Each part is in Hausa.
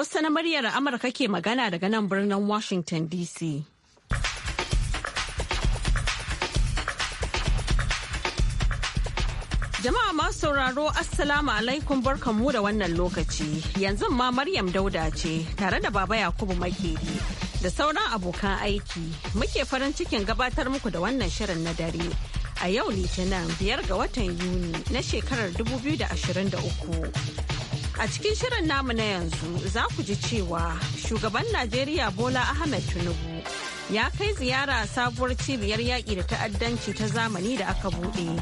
Hausa na muryar Amurka ke magana daga nan birnin Washington DC. Jama'a masu sauraro Assalamu alaikum barkanmu da wannan lokaci. Yanzu ma Maryam Dauda ce tare da Baba Yakubu Makeri da sauran abokan aiki. Muke farin cikin gabatar muku da wannan shirin na dare. A yau Litinin biyar ga watan Yuni na shekarar 2023. A cikin shirin namu na yanzu za ku ji cewa shugaban Najeriya Bola Ahmed Tinubu ya kai ziyara sabuwar cibiyar yaƙi da ta'addanci ta zamani da aka buɗe.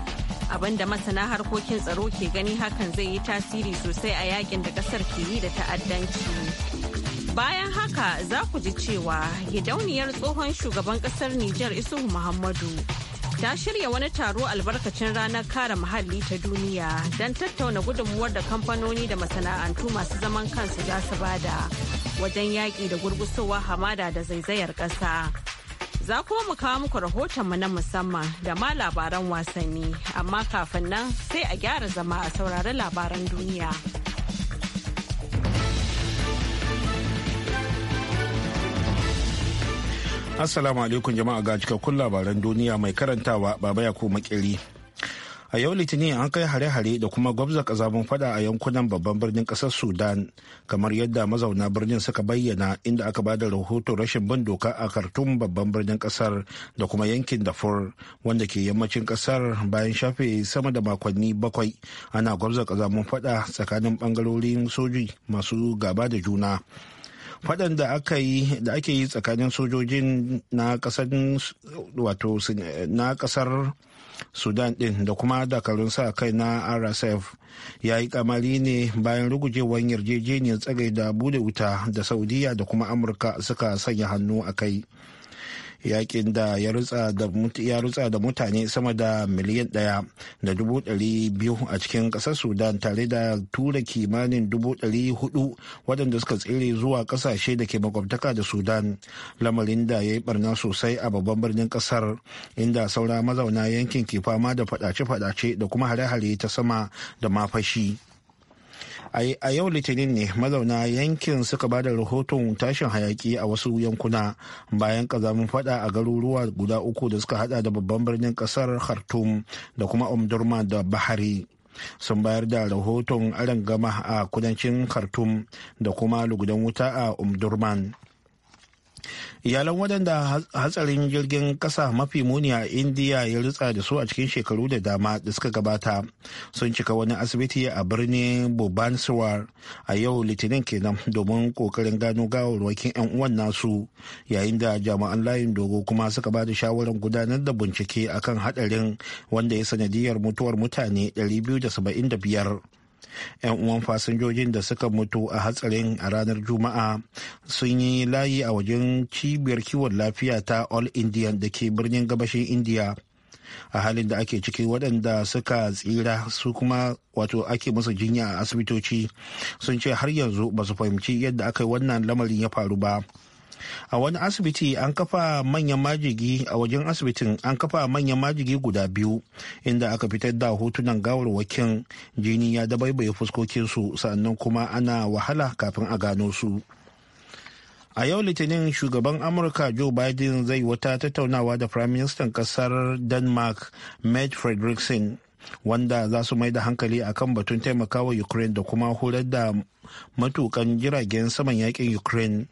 Abinda masana harkokin tsaro ke gani hakan zai yi tasiri sosai a yakin da ƙasar ke yi da ta'addanci. Bayan haka za ku ji cewa gidauniyar tsohon shugaban ƙasar Nijar Isuhu Muhammadu ta shirya wani taro albarkacin ranar kare muhalli ta duniya don tattauna gudunmuwar da kamfanoni da masana'antu masu zaman kansu za su bada wajen yaƙi da gurgusowa hamada da zaizayar ƙasa. Za kuma mu kawo muku rahotonmu na musamman da ma labaran wasanni, amma kafin nan sai a gyara zama a saurari labaran duniya. Assalamu alaikum jama'a ga cikakkun labaran duniya mai karantawa Baba yako Makeri. a yau litinin an kai hare-hare da kuma gwabza kazamin fada a yankunan babban birnin kasar sudan kamar yadda mazauna birnin suka bayyana inda aka bada rahoton rashin bin doka a kartun babban birnin kasar da kuma yankin dafur wanda ke yammacin kasar bayan shafe sama da makonni bakwai ana gwabza kazamin fada tsakanin bangarorin soji masu gaba da juna faɗan da aka yi da ake yi tsakanin sojojin na ƙasar wato na ƙasar sudan ɗin da kuma dakarun sa kai na rsf ya yi kamari ne bayan rugujewar yarjejeniyar tsagai da bude wuta da saudiya da kuma amurka suka sanya hannu a kai yakin da ya rutsa da mutane sama da miliyan ɗaya da dubu dari biyu a cikin ƙasar sudan tare da tura kimanin dubu dari hudu waɗanda suka tsere zuwa ƙasashe da ke makwabtaka da sudan lamarin da ya yi barna sosai a babban birnin ƙasar inda saura mazauna yankin ke fama da faɗace-faɗace da kuma hare-hare ta sama da mafashi. a yau litinin ne mazauna yankin suka ba da rahoton tashin hayaki a wasu yankuna bayan kazamin fada a garuruwa guda uku da suka hada da babban birnin kasar khartoum da kuma omdurman da bahari sun bayar da rahoton gama a kudancin khartoum da kuma lugudan wuta a omdurman iyalan wadanda hatsarin jirgin ƙasa mafi muni a indiya ya ritsa da su a cikin shekaru da dama da suka gabata sun cika wani asibiti a birnin bubanswar a yau litinin kenan domin ƙoƙarin gano gawarwakin 'yan uwan nasu yayin da jami'an layin dogo kuma suka ba da shawarar gudanar da bincike akan hadarin wanda ya sanadiyar mutuwar mutane 275 'yan uwan fasinjojin da suka mutu a hatsarin a ranar juma'a sun yi layi a wajen cibiyar kiwon lafiya ta all indian da ke birnin gabashin india a halin da ake ciki waɗanda suka tsira su kuma wato ake musu jinya a asibitoci sun ce har yanzu ba su fahimci yadda aka yi wannan lamarin ya faru ba a wani asibiti an kafa manyan majigi a wajen asibitin an kafa manyan majigi guda biyu inda aka fitar da hotunan gawarwakin jini ya dabaibaye su sannan kuma ana wahala kafin a gano su a yau litinin shugaban amurka joe biden zai wata tattaunawa da prime firaministan kasar denmark matt frederickson wanda za su mai da hankali a kan batun taimakawa ukraine da kuma horar da matukan jiragen saman yakin ukraine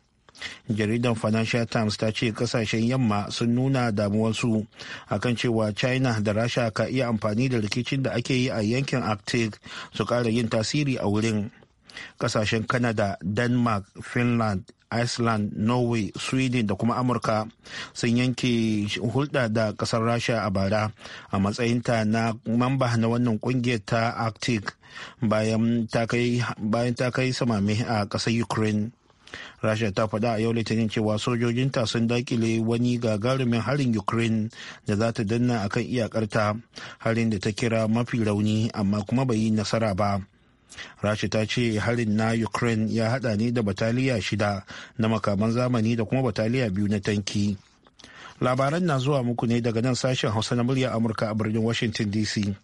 jaridar financial times ta ce kasashen yamma sun nuna damuwarsu akan cewa china da rasha ka iya amfani da rikicin da ake yi a yankin arctic su kara yin tasiri a wurin kasashen canada denmark finland iceland norway sweden da kuma amurka sun yanke hulɗa da ƙasar rasha a bara a matsayinta na mamba na wannan ƙungiyar ta arctic bayan ta kai samami a ƙasar ukraine rasha ta faɗa a yau litinin cewa sojojinta sun dakile wani gagarumin harin ukraine da za ta danna akan iyakarta harin da ta kira mafi rauni amma kuma bai yi nasara ba rasha ta ce harin na ukraine ya hada ne da bataliya shida na makaman zamani da kuma bataliya biyu na tanki labaran na zuwa muku ne daga nan sashen hausa na murya amurka a birnin washington dc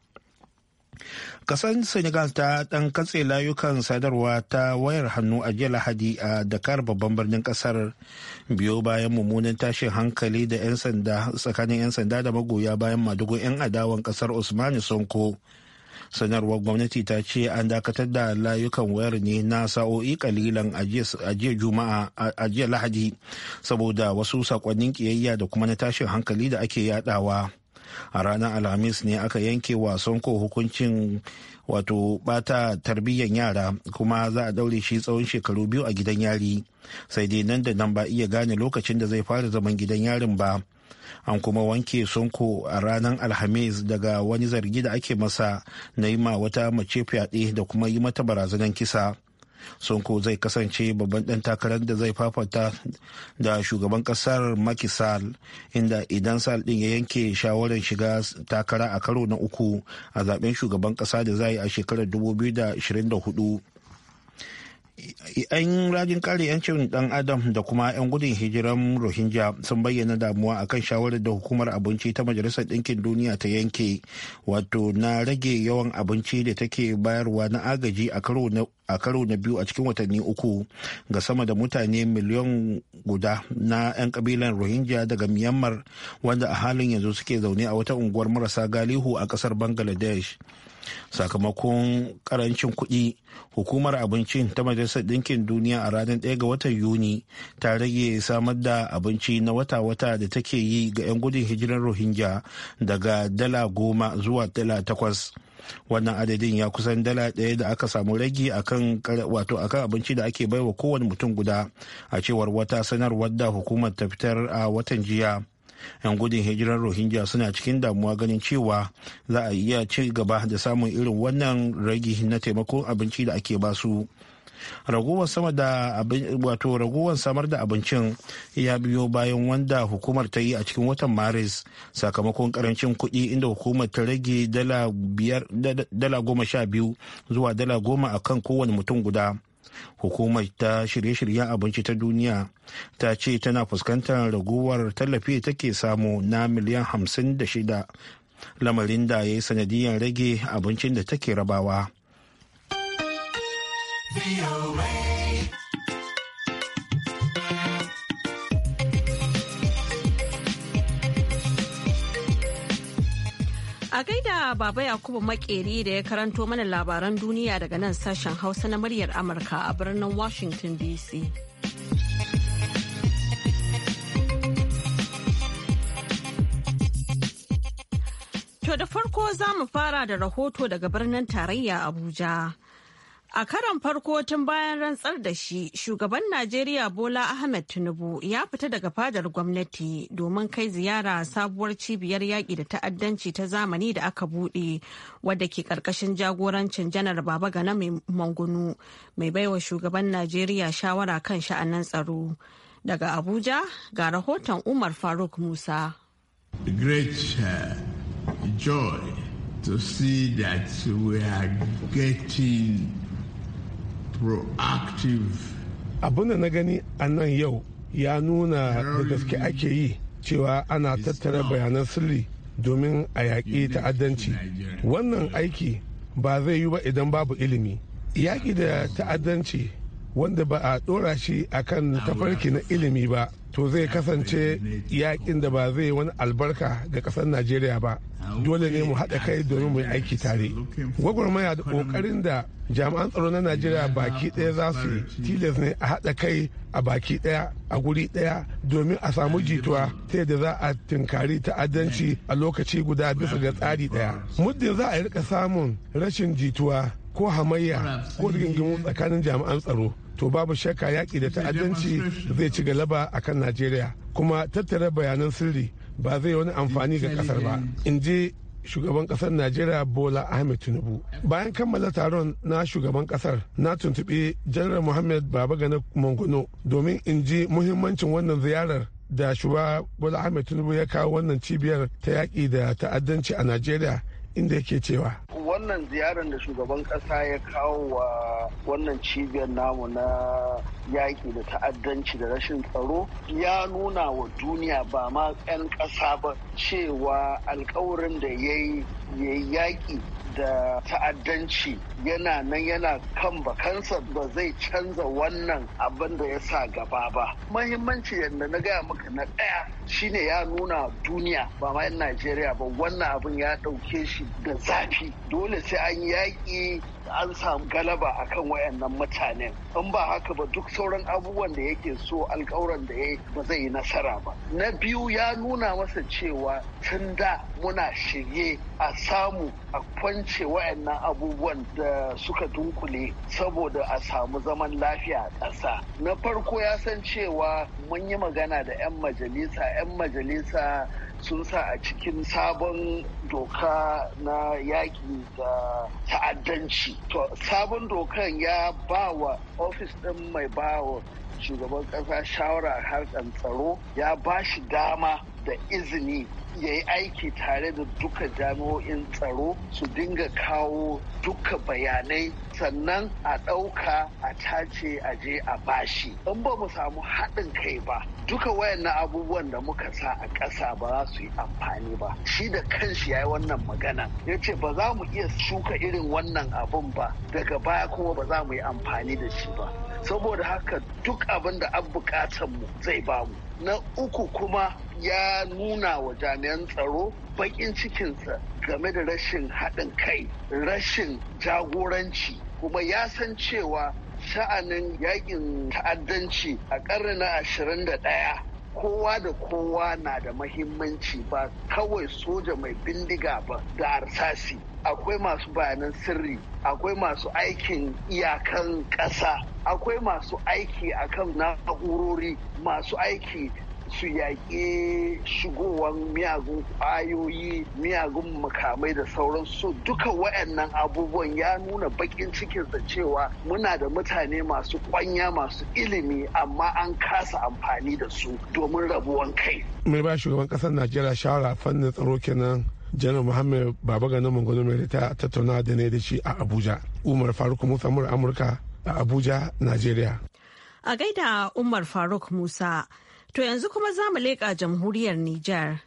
Kasan Senegal ta ɗan katse layukan sadarwa ta wayar hannu a jiya Lahadi a Dakar babban birnin ƙasar biyo bayan mummunan tashin hankali da 'yan sanda tsakanin 'yan sanda da magoya bayan madugo 'yan adawan ƙasar Usmani Sonko. Sanarwar gwamnati ta ce an dakatar da layukan wayar ne na sa'o'i kalilan a Juma'a a jiya Lahadi saboda wasu sakonnin kiyayya da kuma na tashin hankali da ake yadawa. a ranar alhamis ne aka yanke wa ko hukuncin wato bata tarbiyyar yara kuma za a daure shi tsawon shekaru biyu a gidan yari sai dai nan da nan ba iya gane lokacin da zai fara zaman gidan yarin ba an kuma wanke sonko a ranar alhamis daga wani zargi da ake masa na yi ma wata mace fyaɗe da kuma yi mata barazanar kisa sonko zai kasance babban ɗan takarar da zai fafata da shugaban ƙasar makisal inda idan sal ɗin ya yanke shawarar shiga takara a karo na uku a zaben shugaban ƙasa da za a shekarar 2024 'yan rajin kare 'yancin dan adam da kuma 'yan gudun hijiran rohingya sun bayyana damuwa akan shawarar da hukumar abinci ta majalisar ɗinkin duniya ta yanke wato na rage yawan abinci da take bayarwa na agaji a karo na biyu a cikin watanni uku ga sama da mutane miliyon guda na 'yan kabilan rohingya daga myanmar wanda a halin yanzu suke zaune a wata unguwar marasa galihu a kasar bangladesh sakamakon karancin kuɗi hukumar abincin ta majalisar ɗinkin duniya a ranar 1 ga watan yuni ta rage samar da abinci na wata-wata da take yi ga 'yan gudun hijirar rohingya daga dala goma zuwa dala takwas wannan adadin ya kusan dala ɗaya da aka samu rage akan wato akan abinci da ake baiwa kowane mutum guda a cewar wata sanarwar da hukumar ta fitar a watan jiya 'yan gudun hijirar rohingya suna cikin damuwa ganin cewa za a iya ci gaba da samun irin wannan ragi na taimakon abinci da ake basu ragowar sama da wato ragowar samar da abincin ya biyo bayan wanda hukumar ta yi a cikin watan maris sakamakon karancin kuɗi inda hukumar ta rage dala goma sha biyu zuwa dala goma kan kowane mutum guda hukumar ta shirye-shiryen abinci ta duniya ta ce tana fuskantar raguwar tallafi take samu na miliyan hamsin da shida lamarin da ya yi sanadiyar rage abincin da take rabawa. A gaida Baba Yakubu Makeri da ya karanto mana labaran duniya daga nan sashen Hausa na muryar Amurka a birnin Washington DC. To da farko za mu fara da rahoto daga birnin tarayya Abuja. A karon farko tun bayan rantsar da shi, shugaban Najeriya Bola Ahmed Tinubu ya fita daga fadar gwamnati domin kai ziyara sabuwar cibiyar yaƙi da ta'addanci ta zamani da aka buɗe wadda ke ƙarƙashin jagorancin janar Baba Gana mai mangunu mai baiwa shugaban Najeriya shawara kan sha'anin tsaro. Daga Abuja ga rahoton Umar Faruk Musa. Uh, to see that we are getting proactive abin da na gani a nan yau ya nuna da gaske ake yi cewa ana tattara bayanan sirri domin a yaƙi ta'addanci wannan aiki ba zai yi ba idan babu ilimi yaƙi da ta'addanci wanda ba a dora shi kan tafarki na ilimi ba to zai kasance yakin da ba zai wani albarka ga kasar najeriya ba dole ne mu haɗa kai domin mu yi aiki tare gwagwarmaya da ƙoƙarin da jami'an tsaro na najeriya baki ɗaya za su yi tilas ne a haɗa kai a baki ɗaya a guri ɗaya domin a samu jituwa ta yadda za a tinkari ta'addanci a lokaci guda bisa ga tsari ɗaya muddin za a rika samun rashin jituwa ko hamayya ko rigingimu tsakanin jami'an tsaro to babu shakka yaƙi da ta'addanci zai ci galaba a kan najeriya kuma tattara bayanan sirri ba zai wani amfani ga kasar ba in ji shugaban kasar najeriya bola ahmed tinubu bayan kammala taron na shugaban kasar na tuntuɓi janar muhammad babagana mangono domin in ji muhimmancin wannan ziyarar da shugaba bola ahmed tinubu ya kawo wannan cibiyar ta yaƙi da ta'addanci a najeriya inda yake cewa wannan ziyarar da shugaban kasa ya kawo wa wannan cibiyar namu na yaƙi da ta'addanci da rashin tsaro ya nuna wa duniya ba ma 'yan ƙasa ba cewa alkawarin da ya yi ya yi yaƙi da ta'addanci yana nan yana kan bakansa ba zai canza wannan abin da ya sa gaba ba. Mahimmanci yadda na gaya maka na ɗaya shine ya nuna duniya ba ma yan Najeriya ba wannan abin ya ɗauke shi da zafi dole sai an yaƙi an samu galaba akan wayannan mutanen in ba haka ba duk sauran abubuwan da yake so alkawuran da ya ba zai yi nasara ba na biyu ya nuna masa cewa tun da muna shirye a samu a kwance wayannan abubuwan da suka dunkule saboda a samu zaman lafiya a ƙasa na farko ya san cewa mun yi magana da 'yan majalisa 'yan majalisa sun sa a cikin sabon doka na yaƙi da ta'addanci to sabon dokan ya ba wa ofis ɗin mai bawa shugaban ƙasa shawara harkar tsaro ya ba shi dama da izini ya yi aiki tare da duka jami'o'in tsaro su dinga kawo duka bayanai sannan a ɗauka a tace a je a bashi in ba mu samu haɗin kai ba duka wayannan abubuwan da muka sa a ƙasa ba za su yi amfani ba shi da kanshi ya yi wannan magana ya ce ba za mu iya shuka irin wannan abun ba daga baya kuma ba za mu yi amfani da shi ba saboda haka duk abin da an buƙatar mu zai bamu na uku kuma ya nuna wa jami'an tsaro baƙin cikinsa game da rashin haɗin kai rashin jagoranci kuma ya san cewa sha'anin yakin ta'addanci a ƙarni na ashirin da ɗaya, kowa da kowa na da mahimmanci ba kawai soja mai bindiga ba da arsasi akwai masu bayanan sirri akwai masu aikin iyakan ƙasa akwai masu aiki akan na'urori masu aiki su yaƙi shigowar miyagun ƙwayoyi miyagun makamai da sauran su duka wayannan abubuwan ya nuna baƙin cikinsa cewa muna da mutane masu kwanya masu ilimi amma an kasa amfani da su domin rabuwan kai. mai ba shugaban ƙasar najeriya shawara fannin tsaro kenan janar muhammad babagana mangano mai ta tattauna da ne da shi a abuja umar faruk musa mura amurka a abuja najeriya a gaida umar faruk musa To yanzu kuma za mu leƙa jamhuriyar Nijar.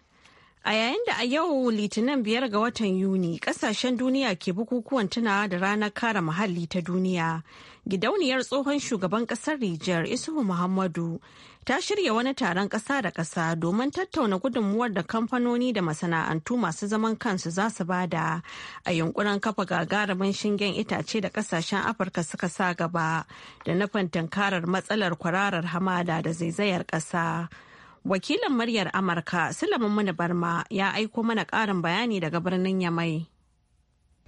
A yayin da a yau Litinin biyar ga watan Yuni ƙasashen duniya ke bukukuwan tunawa da ranar kare muhalli ta duniya. Gidauniyar tsohon shugaban Ƙasar Nijar Isuhu Muhammadu ta shirya wani taron ƙasa da ƙasa domin tattauna gudunmuwar da kamfanoni da masana'antu masu zaman kansu za su bada a yunkurin kafa gagarumin shingen itace da ƙasashen afirka suka sa gaba da nufin tunkarar matsalar kwararar hamada da zaizayar ƙasa wakilin muryar amurka sulaiman mana barma ya aiko mana ƙarin bayani daga birnin yamai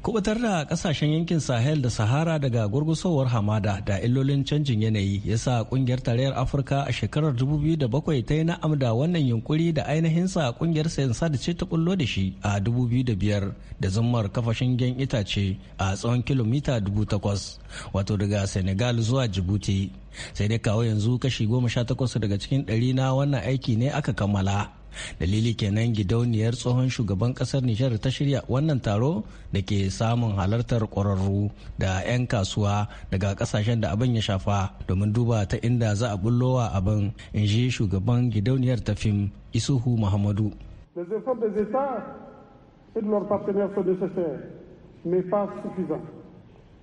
kubutar da kasashen yankin sahel da sahara daga gurgusowar hamada da illolin canjin yanayi ya sa kungiyar tarayyar afirka a shekarar 2007 ta yi na'am da wannan yunkuri da ainihinsa kungiyar sayan da ce ta kullo da shi a 2005 da zummar kafa shingen itace a tsawon kilomita 8,000 wato daga senegal zuwa Djibouti, sai dai kawo yanzu kashi 18 daga cikin ɗari na wannan aiki ne aka kammala dalili kenan gidauniyar tsohon shugaban kasar nijar ta shirya wannan taro da ke samun halartar ƙwararru da 'yan kasuwa daga kasashen da abin ya shafa domin duba ta inda za a bullowa abin in ji shugaban gidauniyar ta fim isuhu muhammadu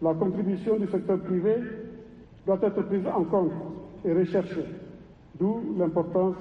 La contribution du secteur privé doit être prise en compte et recherchée, d'où l'importance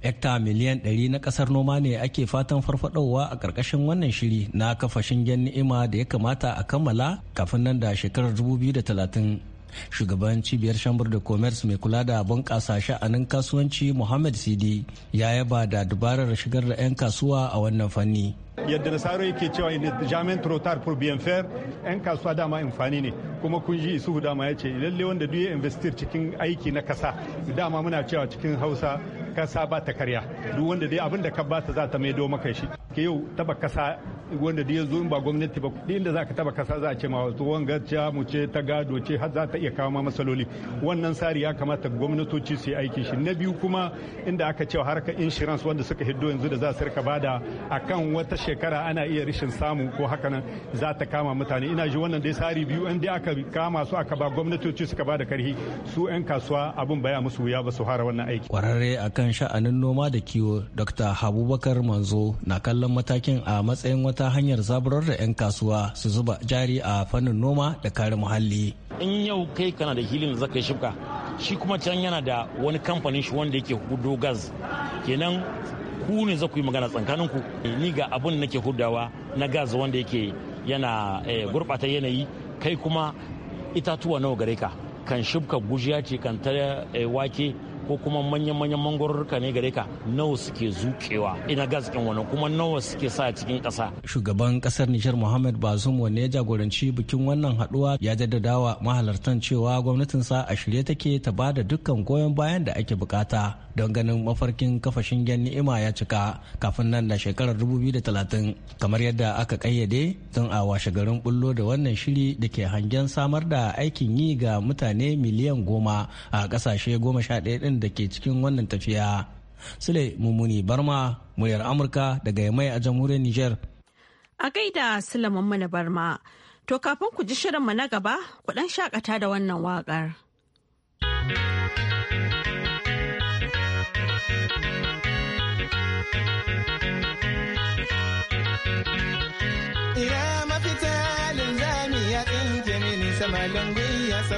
Hekta miliyan 100 na kasar noma ne ake fatan farfadowa a ƙarƙashin wannan shiri na kafa shingen ni'ima da ya kamata a kammala kafin nan da shekarar 2030. shugaban cibiyar shambur da commerce mai kula da bunƙasa sha'anin kasuwanci muhammad sidi ya yaba da dabarar shigar da 'yan kasuwa a wannan fanni yadda nasarar yake cewa jamen trotar pour bien faire yan kasuwa dama amfani ne kuma kun ji isuhu dama ya ce lalle wanda duk ya investir cikin aiki na kasa dama muna cewa cikin hausa kasa ba ta karya duk wanda dai abin da ka ba ta za ta maido maka shi ke yau taba kasa wanda dai yanzu in ba gwamnati ba kuɗi inda za ka taba kasa za a ce ma wato wanga mu ce ta gado ce har za ta iya kawo ma masaloli wannan tsari ya kamata gwamnatoci su yi aikin shi na biyu kuma inda aka cewa harkar insurance wanda suka hiddo yanzu da za su rika bada akan wata shekara ana iya rashin samu ko haka nan za ta kama mutane ina ji wannan dai tsari biyu in dai aka kama su aka ba gwamnatoci suka bada karhi su 'yan kasuwa abin baya musu wuya ba su fara wannan aiki kwararre akan kan sha'anin noma da kiwo Dr. Habubakar Manzo na kallon matakin a matsayin wata hanyar zaburar da 'yan kasuwa su zuba jari a fannin noma da kare muhalli. In yau kai kana da hilin zaka yi shifka, shi kuma can yana da wani kamfanin shi wanda yake hudo gas. Kenan ku ne za ku yi magana ku Ni ga abun nake hudawa na gas wanda yake yana eh, gurbata yanayi kai kuma itatuwa nawa gare ka kan shibka gujiya ce kan ta eh, wake ko kuma manyan-manyan mangwarurruka ne gare ka nawa suke zukewa ina gas ɗin wani kuma nawa suke sa cikin ƙasa. Shugaban kasar Nijar Muhammad Bazoum wanne ya jagoranci bikin wannan haduwa ya jaddadawa mahalartan cewa gwamnatinsa a shirye take ta ba da dukkan goyon bayan da ake bukata don ganin mafarkin kafa shingen ni'ima ya cika kafin nan da shekarar 2030 kamar yadda aka kayyade tun a washe garin bullo da wannan shiri da ke hangen samar da aikin yi ga mutane miliyan goma a kasashe goma sha ɗaya ɗin da ke cikin wannan tafiya sule mummuni barma muryar amurka daga yamai a jamhuriyar niger a gaida sulaman mana barma To kafin ku ji shirinmu na gaba, ku ɗan shakata da wannan waƙar.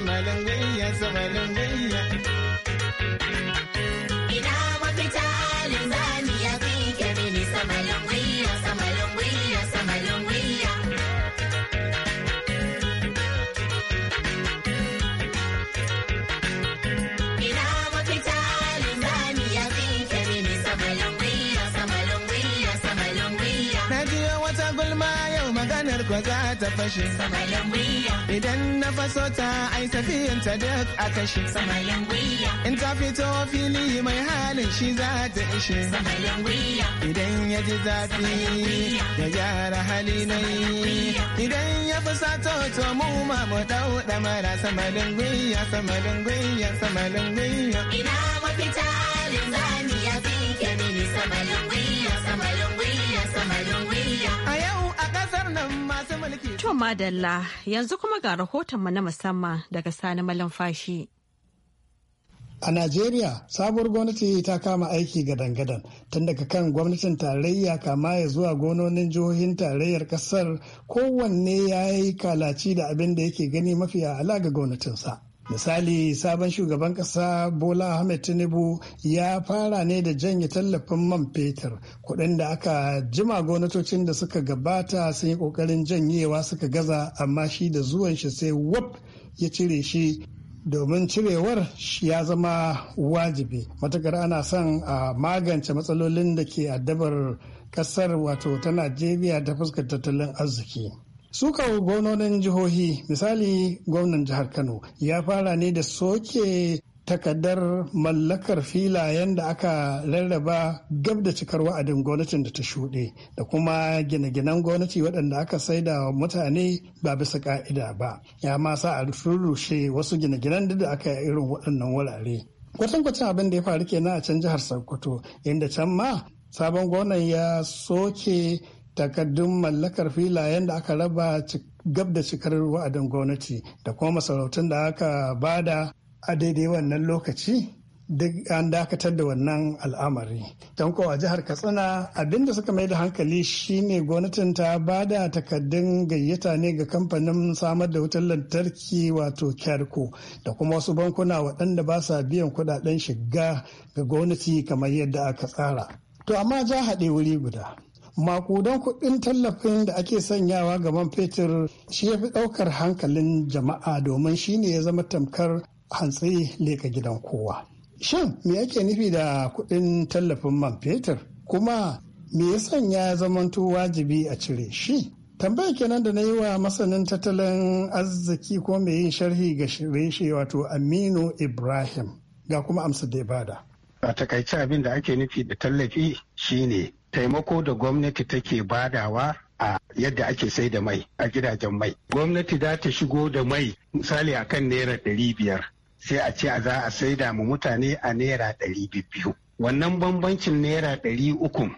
malam gayya sa malam gayya ko za ta fashe idan na faso ta ai tafiyan ta duk a kashe in ta fito fili mai halin shi za ta ishe idan ya ji zafi ya gyara hali na yi idan ya fi sato to mu ma mu dau damara samalin gwiya samalin gwiya gwiya ina mafita Zani ya fi kemini gwiya To madalla yanzu kuma ga rahotonmu na musamman daga Sani Malamfashi. A Najeriya, sabuwar gwamnati ta kama aiki gadan-gadan tun daga kan gwamnatin tarayya kama ya zuwa gononin jihohin tarayyar kasar kowanne ya yi kalaci da abin da yake gani mafiya ala ga gwamnatinsa. misali sabon shugaban kasa bola ahmed tinubu ya fara ne da janye tallafin man fetur kuɗin da aka jima gwamnatocin da suka gabata sun yi ƙoƙarin janyewa suka gaza amma shi da zuwan shi sai wap ya cire shi domin cirewar ya zama wajibi matakar ana son a magance matsalolin da ke addabar kasar wato ta najeriya ta fuskar tattalin arziki su kawo gwamnonin jihohi misali gwamnan jihar kano ya fara ne da soke takardar mallakar filayen da aka rarraba gab da cikar wa'adin gwamnatin da ta shuɗe da kuma gine-ginen gwamnati waɗanda aka saida wa mutane ba bisa ka'ida ba ya ma sa a rushe wasu gine-ginen da aka yi irin waɗannan wurare kwatankwacin abin da ya faru kenan a can jihar sokoto inda can ma sabon gwamnan ya soke takardun mallakar filayen da aka raba gab da cikar wa'adin gwamnati da kuma masarautun da aka bada a daidai wannan lokaci duk an dakatar da wannan al'amari don kowa jihar katsina abinda suka mai da hankali shine gwamnatin ta ba da takaddun gayyata ne ga kamfanin samar da wutar lantarki wato kyarko da kuma wasu bankuna waɗanda ba sa biyan kudaden shiga ga gwamnati kamar yadda aka tsara to amma ja haɗe wuri guda makudan kuɗin tallafin da ake sanyawa ga man fetur shi ya fi ɗaukar hankalin jama'a domin shi ne ya zama tamkar hantsi leka gidan kowa shin me ake nufi da kuɗin tallafin man fetur kuma me ya sanya ya zamanto wajibi a cire shi tambaya kenan da na yi wa masanin tattalin arziki ko mai yin sharhi ga shirye wato aminu ibrahim ga kuma amsa da ibada a takaice abin da ake nufi da tallafi shine taimako da gwamnati take badawa a yadda ake sai da mai a gidajen mai gwamnati za ta shigo da mai misali a kan naira ɗari biyar sai a ce a za a saida mu mutane a naira ɗari biyu wannan bambancin naira ɗari uku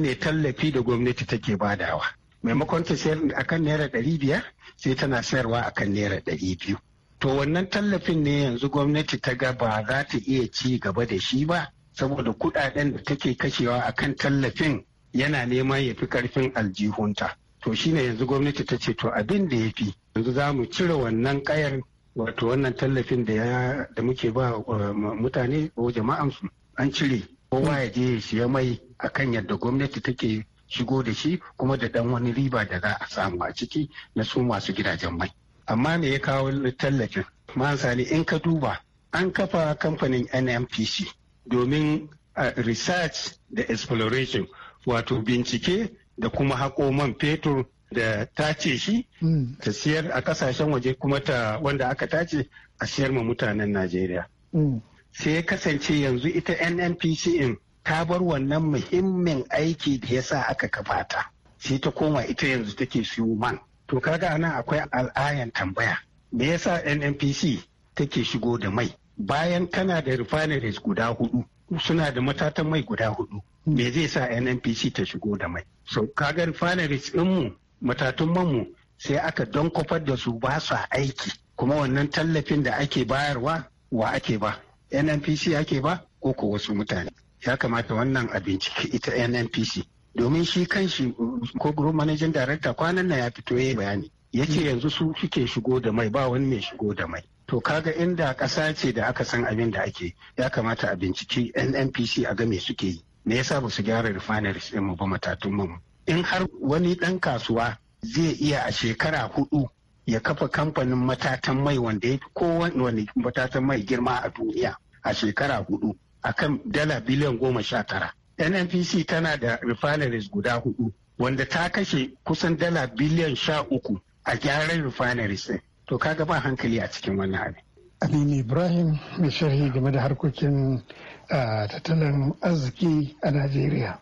ne tallafi da gwamnati take badawa maimakon ta sayar a kan naira ɗari biyar sai tana sayarwa a kan naira ɗari biyu to wannan tallafin ne yanzu gwamnati ta ga ba za ta iya ci gaba da shi ba saboda kudaden da take kashewa a kan tallafin yana neman ya fi karfin aljihunta to shine yanzu gwamnati ta ce to abin da ya fi yanzu za mu cire wannan kayar wato wannan tallafin da muke ba uh, mutane ko jama'ansu an cire kowa ya je ya siya mai akan yadda gwamnati take shigo da shi kuma da dan wani riba da za a samu a ciki na su masu gidajen mai amma me ya kawo tallafin man sani in ka duba an kafa kamfanin NMPC. domin research da exploration wato bincike da kuma haƙo man fetur da tace shi hmm. ta siyar a kasashen waje kuma ta wanda aka tace a siyar ma mutanen najeriya hmm. sai ya kasance yanzu ita NNPC in ta bar wannan muhimmin aiki da ya sa aka kafata sai ta koma ita yanzu take siyo man to kaga nan akwai al'ayan tambaya me yasa nnpc take shigo da mai bayan kana da refineries guda hudu suna da matatan mai guda hudu me zai sa nnpc ta shigo da mai so kaga refineries mu matatun manmu sai aka don kwafar da su ba su aiki kuma wannan tallafin da ake bayarwa wa ake ba nnpc ake ba ko ko wasu mutane ya kamata wannan a bincike ita nnpc domin shi kan shi ko group managing director kwanan nan ya fito yayi bayani ya ce yanzu su suke shigo da mai ba wani mai shigo da mai to kaga inda ƙasa ce da aka san abin da ake ya kamata a binciki nnpc a game suke yi me yasa ba su gyara refineries ɗin mu ba matatun mu in har wani ɗan kasuwa zai iya a shekara hudu ya kafa kamfanin matatan mai wanda ya fi kowane matatan mai girma a duniya a shekara hudu akan dala biliyan goma sha tara nnpc tana da refineries guda hudu wanda ta kashe kusan dala biliyan sha uku a gyaran refineries ɗin to kaga ba hankali a cikin wannan abin Aminu Ibrahim mai sharhi game da harkokin tattalin arziki a Najeriya.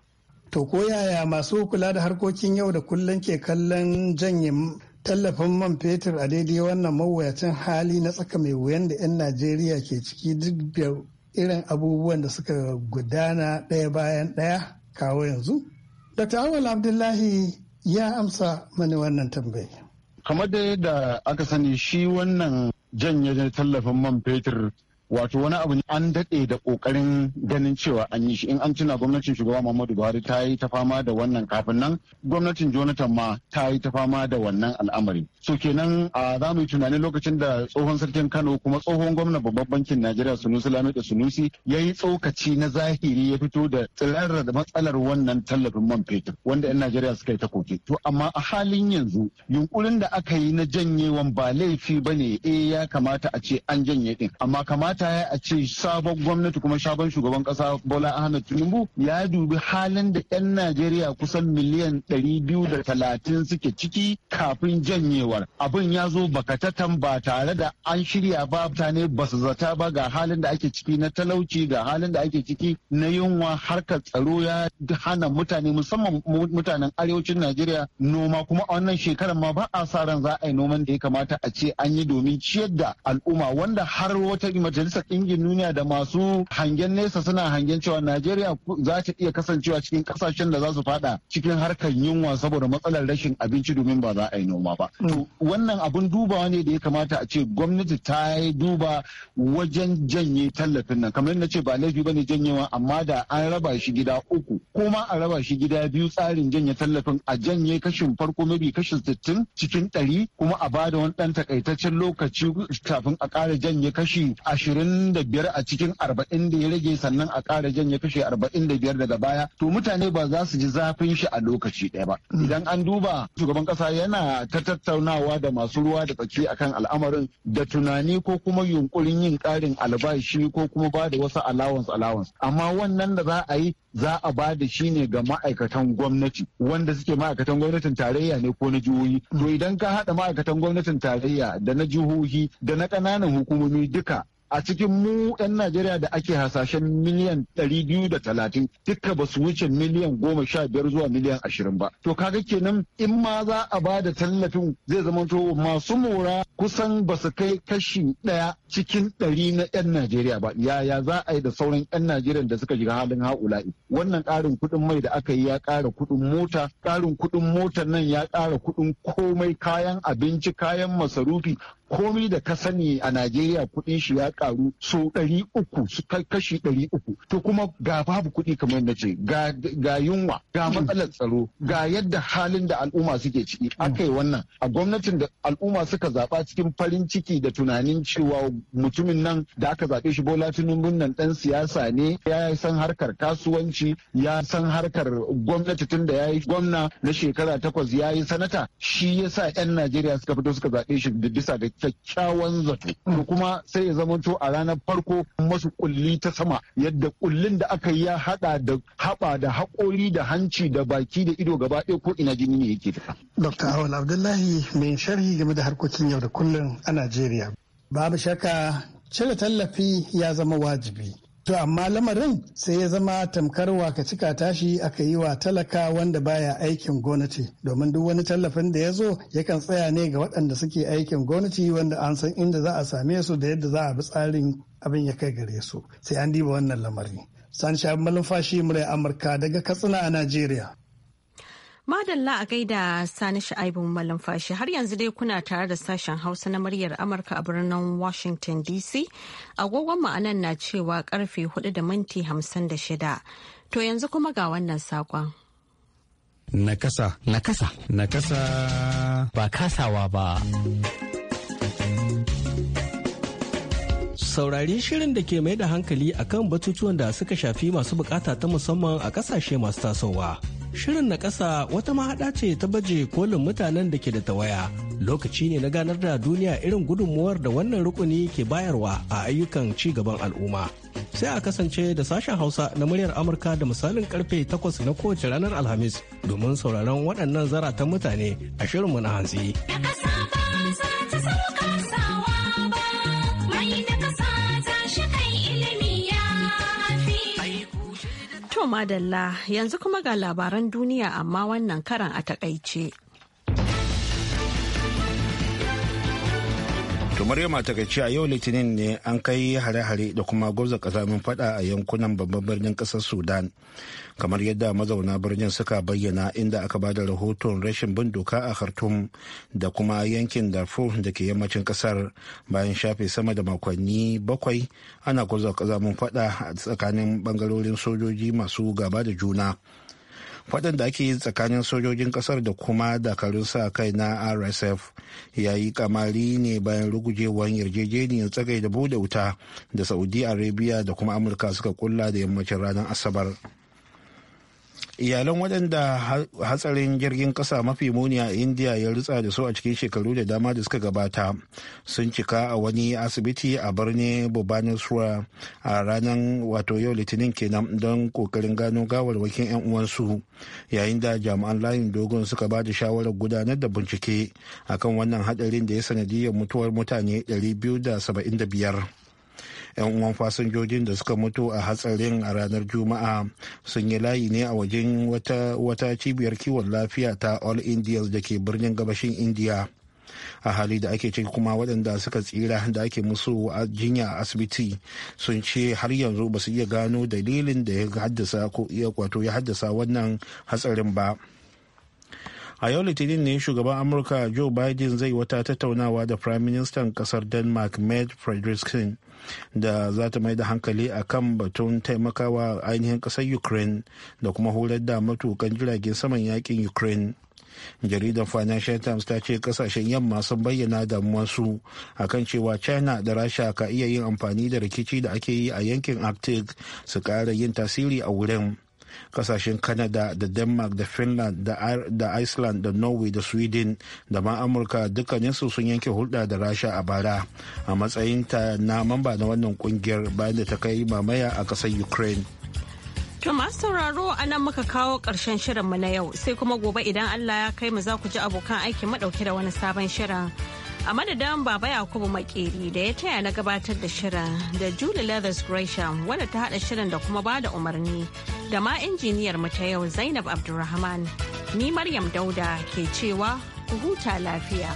To ko yaya masu kula da harkokin yau da kullum ke kallon janye tallafin man fetur a daidai wannan mawuyacin hali na tsaka mai wuyan da 'yan Najeriya ke ciki duk da irin abubuwan da suka gudana ɗaya bayan ɗaya kawo yanzu? Dr. Awal Abdullahi ya amsa mani wannan tambayi. kamar da aka sani shi wannan janye tallafin man fetur wato wani abu ne an daɗe da ƙoƙarin ganin cewa an yi shi in an tuna gwamnatin shugaba muhammadu buhari ta yi ta fama da wannan kafin nan gwamnatin jonathan ma ta yi ta fama da wannan al'amari so kenan a za mu yi tunanin lokacin da tsohon sarkin kano kuma tsohon gwamnan babban bankin najeriya sunusi da sunusi ya yi tsokaci na zahiri ya fito da tsirarra da matsalar wannan tallafin man fetur wanda 'yan najeriya suka yi ta koke to amma a halin yanzu yunkurin da aka yi na janyewan ba laifi ba ne eh ya kamata a ce an janye din amma kamata kamata ya a ce sabon gwamnati kuma sabon shugaban kasa Bola Ahmed Tinubu ya dubi halin da 'yan Najeriya kusan miliyan biyu da talatin suke ciki kafin janyewar. Abin ya zo bakatatan ba tare da an shirya ba mutane ba su zata ba ga halin da ake ciki na talauci ga halin da ake ciki na yunwa harkar tsaro ya hana mutane musamman mutanen arewacin Najeriya noma kuma a wannan shekarar ma ba a sa ran za a yi noman da ya kamata a ce an yi domin ciyar da al'umma wanda har wata majalisar ɗingin duniya da masu hangen nesa suna hangen cewa najeriya za ta iya kasancewa cikin kasashen da za su fada cikin harkar yunwa saboda matsalar rashin abinci domin ba za a yi noma ba mm. wannan abun dubawa ne da ya kamata a ce gwamnati ta yi duba wajen janye tallafin nan kamar na ce ba laifi ba ne janyewa amma da an raba shi gida uku kuma a raba shi gida biyu tsarin janye tallafin a janye kashin farko mabi kashin sittin cikin ɗari kuma a bada wani ɗan takaitaccen lokaci kafin a ƙara janye kashi ashirin 25 da biyar a cikin arba'in da ya rage sannan a ƙara jan ya kashe arba'in da biyar daga baya to mutane ba za su ji zafin shi a lokaci ɗaya ba mm. idan an duba shugaban ƙasa yana ta tattaunawa da masu ruwa da tsaki akan al'amarin da tunani ko kuma yunkurin yin ƙarin albashi ko kuma ba da wasu allowance allowance amma wannan da za a yi za a ba da shi ne ga ma'aikatan gwamnati wanda suke ma'aikatan gwamnatin tarayya ne ko na jihohi to mm. idan ka haɗa ma'aikatan gwamnatin tarayya da na jihohi da na ƙananan hukumomi duka a cikin mu 'yan Najeriya da ake hasashen miliyan 230 duka ba su wuce miliyan 15 zuwa miliyan 20 ba. To kaga kenan in ma za a ba da tallafin zai zama to masu mora kusan ba su kai kashi ɗaya cikin ɗari na 'yan Najeriya ba. Yaya za a yi da sauran 'yan Najeriya da suka shiga halin ha'ula'i. Wannan ƙarin kuɗin mai da aka yi ya ƙara kuɗin mota, ƙarin kuɗin motar nan ya ƙara kuɗin komai kayan abinci, kayan masarufi, komi da ka sani a Najeriya kuɗin shi ya karu so ɗari uku su kashi ɗari uku to kuma ga babu kuɗi kamar na ce ga yunwa ga hmm. matsalar tsaro ga yadda halin da al'umma suke ciki hmm. aka yi wannan a gwamnatin da al'umma suka zaɓa cikin farin ciki da tunanin cewa mutumin nan da aka zaɓe shi Bola Tinubu nan ɗan siyasa ne ya san harkar kasuwanci ya san harkar gwamnati tun da ya yi gwamna na shekara takwas ya yi sanata shi yasa 'yan Najeriya suka fito suka zaɓe shi bisa da kyakkyawan zato to kuma sai ya zamanto a ranar farko masu kulli ta sama yadda kullin da aka yi ya hada da haba da haƙori da hanci da baki da ido gaba ɗaya ko ina jini ne yake fita. Dr. Awal Abdullahi mai sharhi game da harkokin yau da kullum a Najeriya. Babu shakka cire tallafi ya zama wajibi. To amma lamarin sai ya zama tamkar waka cika tashi aka yi wa talaka wanda baya aikin gwamnati domin duk wani tallafin da ya zo yakan tsaya ne ga waɗanda suke aikin gwamnati wanda an san inda za a same su da yadda za a bi tsarin abin ya kai gare su sai an diba wannan lamari. Sani Shabi Malumfashi murai Amurka daga Katsina a Najeriya. Madalla a gaida Sani Sha'aibun Malamfashi har yanzu dai kuna tare da sashen Hausa na muryar Amurka a birnin Washington DC. Agogon ma'anan na cewa karfe 4 da minti 56. To yanzu kuma ga wannan sakon. Nakasa. Nakasa. Nakasa. Ba kasawa ba. saurari shirin da ke mai da hankali akan batutuwan da suka shafi masu bukata ta musamman a kasashe masu tasowa. Shirin na ƙasa wata mahaɗa ce ta baje kolin mutanen da ke da tawaya. Lokaci ne na ganar da duniya irin gudunmuwar da wannan rukuni ke bayarwa a ayyukan ci gaban al'umma. Sai a kasance da sashen Hausa na muryar Amurka da misalin karfe 8 na kowace ranar Alhamis domin sauraron waɗannan zaratan mutane a mu na hantsi. madalla yanzu kuma ga labaran duniya amma wannan karan a takaice. yau ta gaci a yau Litinin ne an kai hare-hare da kuma gwamza kasamin fada a yankunan babban birnin ƙasar Sudan. Kamar yadda mazauna birnin suka bayyana inda aka bada rahoton rashin bin doka a khartum da kuma yankin Darfur da ke yammacin kasar bayan shafe sama da makonni bakwai ana gwamza kasamin fada a tsakanin bangarorin sojoji masu gaba da juna. faɗin da ake yi tsakanin sojojin ƙasar da kuma dakarun sa kai na rsf ya yi kamari ne bayan rugujewar yarjejeniyar tsagai da bude wuta da saudi arabia da kuma amurka suka kulla da yammacin ranar asabar iyalan waɗanda hatsarin jirgin ƙasa mafi muni a india ya rutsa da su a cikin shekaru da dama da suka gabata sun cika a wani asibiti a birnin bhubaneswar a ranar wato yau litinin kenan don kokarin gano gawar gawarwakin 'yan uwansu yayin da jami'an layin dogon suka ba da shawarar gudanar da bincike akan wannan hadarin da ya sanadiyar mutuwar mutane 275 'yan uwan fasinjojin da suka mutu a hatsarin a ranar juma'a sun yi layi ne a wajen wata cibiyar kiwon lafiya ta all indians da ke birnin gabashin india a hali da ake ciki kuma waɗanda suka tsira da ake musu a jinya a asibiti sun ce har yanzu ba su iya gano dalilin da ya haddasa ko iya kwato ya haddasa wannan hatsarin ba a yau litinin ne shugaban amurka joe biden zai wata tattaunawa da prime minister kasar denmark med frederickson da za ta mai da hankali a kan batun taimakawa ainihin kasar ukraine da kuma horar da matukan jiragen saman yakin ukraine jaridar financial times ta ce kasashen yamma sun bayyana damuwarsu kan cewa china da rasha ka iya yin amfani da rikici da ake yi a yankin arctic su ƙara yin tasiri a wurin kasashen canada da denmark da finland da iceland da norway da sweden da ma amurka dukkaninsu sun yanke hulɗa da rasha a bara a matsayin matsayinta na mamba na wannan kungiyar bayan da ta kai mamaya a ƙasar ukraine To masu sauraro a nan muka kawo ƙarshen mu na yau sai kuma gobe idan Allah ya kai mu za ku ji abokan aiki maɗauke da wani sabon shirin. a madadin baba yakubu makeri da ya taya na gabatar da shirin da julie leathers gresham wadda ta hada shirin da kuma bada umarni da ma injiniyar mu ta yau zainab abdulrahman ni maryam dauda ke cewa ku huta lafiya